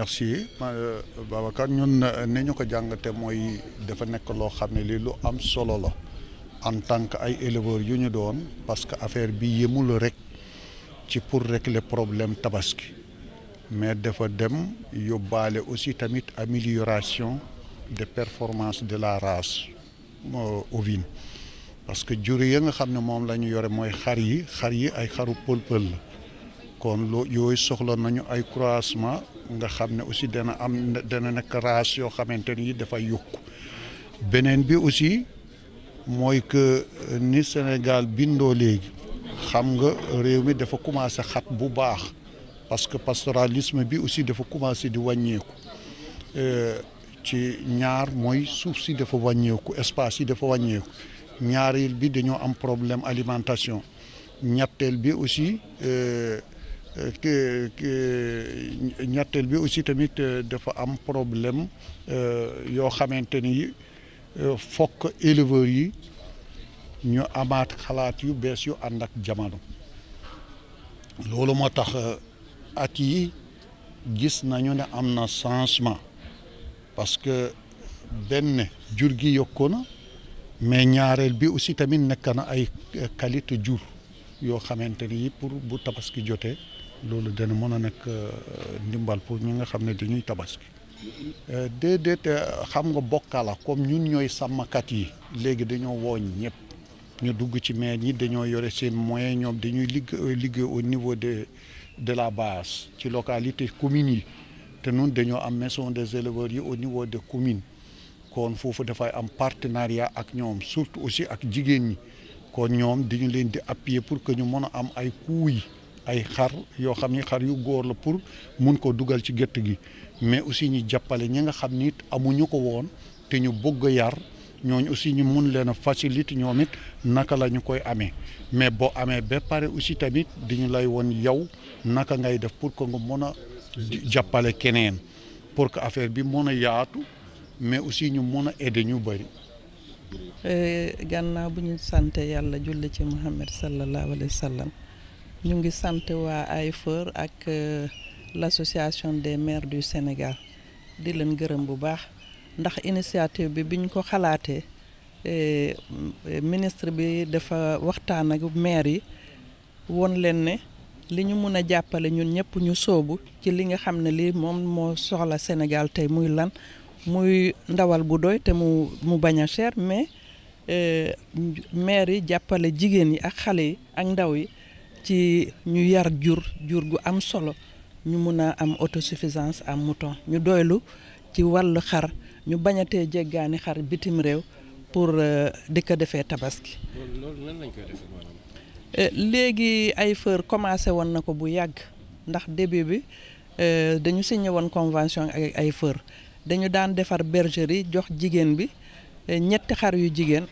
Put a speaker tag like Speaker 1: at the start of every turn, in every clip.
Speaker 1: remercier euh, babakan ñun euh, ni ñu ko jàngate mooy dafa nekk loo xam ne lii lu am solo la en tant que ay éleveurs yu ñu doon parce que affaire bi yemul rek ci pour régler problème tabaski mais dafa dem yóbbaale aussi tamit amélioration de performance de la race euh, ovine parce que jur ya nga xam ne moom la ñu yore mooy xar yi xar yi ay xaru pël-pël la kon loo yooyu soxla nañu ay croissement nga xam ne aussi dana am dana nekk race yoo xamante ni dafa yokku beneen bi aussi mooy que euh, ni Sénégal bindoo léegi xam nga réew mi dafa commencé xat bu baax parce que pastoralisme bi aussi dafa commencé di wàññeeku euh, ci ñaar mooy suuf si dafa wàññeeku espace yi dafa wàññeeku ñaareel bi dañoo am problème alimentation ñetteel bi aussi. Euh, ñetteel bi aussi tamit euh, dafa am problème euh, yoo xamante ni euh, fokk éleveurs yi ñu amaat xalaat yu bees yu ànd ak jamono loolu moo tax at yi gis nañu ne am na changement parce que benn jur gi yokku na mais ñaareel bi aussi tamit nekk na ay qualité jur yoo xamante ni pour bu tabaski jotee loolu dana mën a nekk euh, ndimbal pour ñi nga xam ne dañuy tabaski euh, déedéet euh, xam nga bokkala comme ñun ñooy sàmmkat yi léegi dañoo wooñ ñëpp ñu dugg ci maire ñi dañoo yore seen moyen ñoom dañuy liggéey liggéey au niveau de de la base ci localité communes yi te nun dañoo am maison des éleveurs yi au niveau de commune kon foofu dafay am partenariat ak ñoom surtout aussi ak jigéen ñi kon ñoom dañu leen di appuyer pour que ñu mën a am ay coûts yi ay xar yoo xam ni xar yu góor la pour mun koo dugal ci gétt gi mais aussi ñu jàppale ñi nga xam ni amuñu ko woon te ñu bëgg a yar ñooñu aussi ñu mun leen a faciliter ñoom it naka la ñu koy amee mais boo amee ba pare aussi tamit diñu lay woon yow naka ngay def pour ko nga mën a jàppale keneen pour que affaire bi mën a yaatu mais aussi ñu mën a aider ñu bëri.
Speaker 2: Euh, gannaaw bu ñu sant yàlla julli ci Muhammad sallallahu alayhi wa sallam ñu ngi sant waa ay AIFER ak euh, l'association des maires du Sénégal di leen gërëm bu baax ndax initiative bi biñ ko xalaatee euh, ministre bi dafa waxtaan ak maire yi won leen ne li ñu mun a jàppale ñun ñëpp ñu soobu ci li nga xam ne lii moom moo soxla Sénégal tey muy lan muy ndawal bu doy te mu mu bañ a cher mais euh, maire yi jàppale jigéen yi ak xale yi ak ndaw yi ci ñu yar jur jur gu am solo ñu mun a am auto suffisance am mouton ñu doylu ci wàllu xar ñu bañatee jéggaani xar bitim réew pour euh, di ko defee tabaski. Euh, léegi ay fër commencé woon na ko bu yàgg ndax début bi euh, dañu signé woon convention ak ay fër dañu daan defar bergerie jox jigéen bi ñetti xar yu jigéen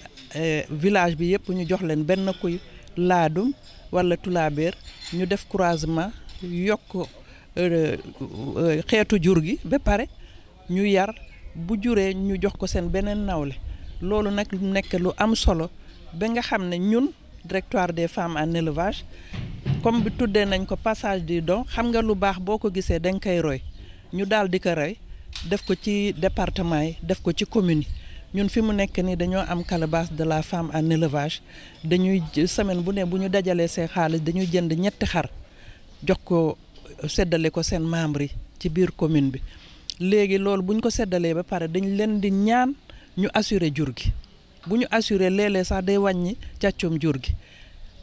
Speaker 2: village bi yëpp ñu jox leen benn kuy. laadum wala tulaabeer ñu def croisement yokk euh, euh, xeetu jur gi ba pare ñu yar bu juree ñu jox ko seen beneen nawle loolu nag nekk lu am solo ba nga xam ne ñun directoire des femmes en élevage comme bi tuddee nañ ko passage du don xam nga lu baax boo ko gisee da nga koy roy ñu daal di ko rey def ko ci département yi def ko ci commune yi ñun fi mu nekk nii dañoo am calebasse de la femme en élevage dañuy semaine bu ne bu ñu dajalee seen xaalis dañuy jënd ñetti xar jox ko seddale ko seen membre yi ci biir commune bi léegi loolu buñ ko seddalee ba pare dañ leen di ñaan ñu assurer jur gi bu ñu assurer léeg-léeg sax day wàññi càccum jur gi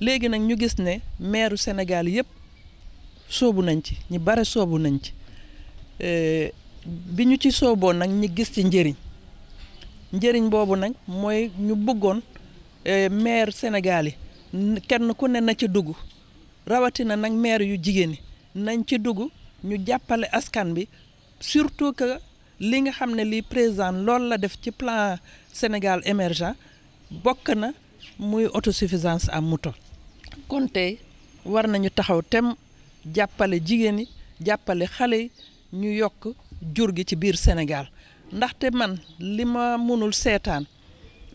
Speaker 2: léegi nag ñu gis ne maire Sénégal yëpp soobu nañ ci ñi bare soobu nañ ci euh, bi ñu ci sooboo nag ñi gis ci njëriñ njëriñ boobu nag mooy ñu bëggoon eh, maire Sénégal yi kenn ku ne na ci dugg rawatina nag maire yu jigéen yi nañ ci dugg ñu jàppale askan bi surtout que li nga xam ne lii président loolu la def ci plan Sénégal émergent bokk na muy autosuffisance am mouton kon tey war nañu taxaw tem jàppale jigéen yi jàppale xale yi ñu yokk jur gi ci biir Sénégal ndaxte man li ma mënul seetaan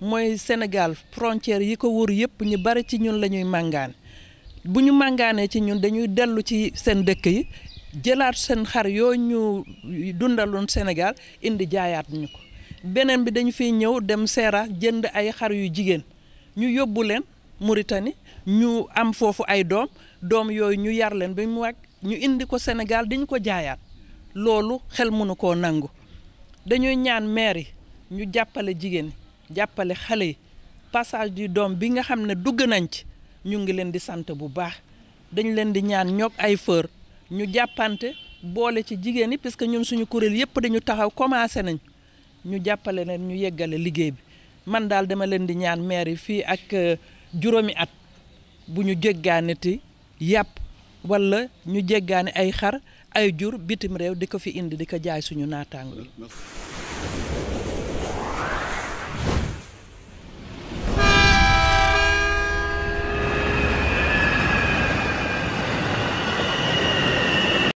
Speaker 2: mooy senegal frontière yi ko wur yëpp ñu bari ci ñun lañuy ñuy màngaane bu ñu màngaanee ci ñun dañuy dellu ci seen dëkk yi jëlaat seen xar yoo ñu dundaloon Sénégal indi jaayaat ñu ko beneen bi dañu fiy ñëw dem seera jënd ay xar yu jigéen ñu yóbbu leen Mauritanie ñu am foofu ay doom doom yooyu ñu yar leen ba mu wàcc ñu indi ko Sénégal di ñu ko jaayaat loolu xel mënu koo nangu dañuy ñaan maire yi ñu jàppale jigéen jàppale xale yi passage du doom bi nga xam ne dugg nañ ci ñu ngi leen di sant bu baax dañ leen di ñaan ñoog ay fër ñu jàppante boole ci jigéen ñi puisque ñun suñu kuréel yëpp dañu taxaw commencé nañ ñu jàppale leen ñu yeggale liggéey bi man daal dama leen di ñaan maire yi fii ak euh, juróomi at bu ñu ti yàpp walla ñu jéggaani ay xar ay jur bitim réew di ko fi indi di ko jaay suñu naataango yi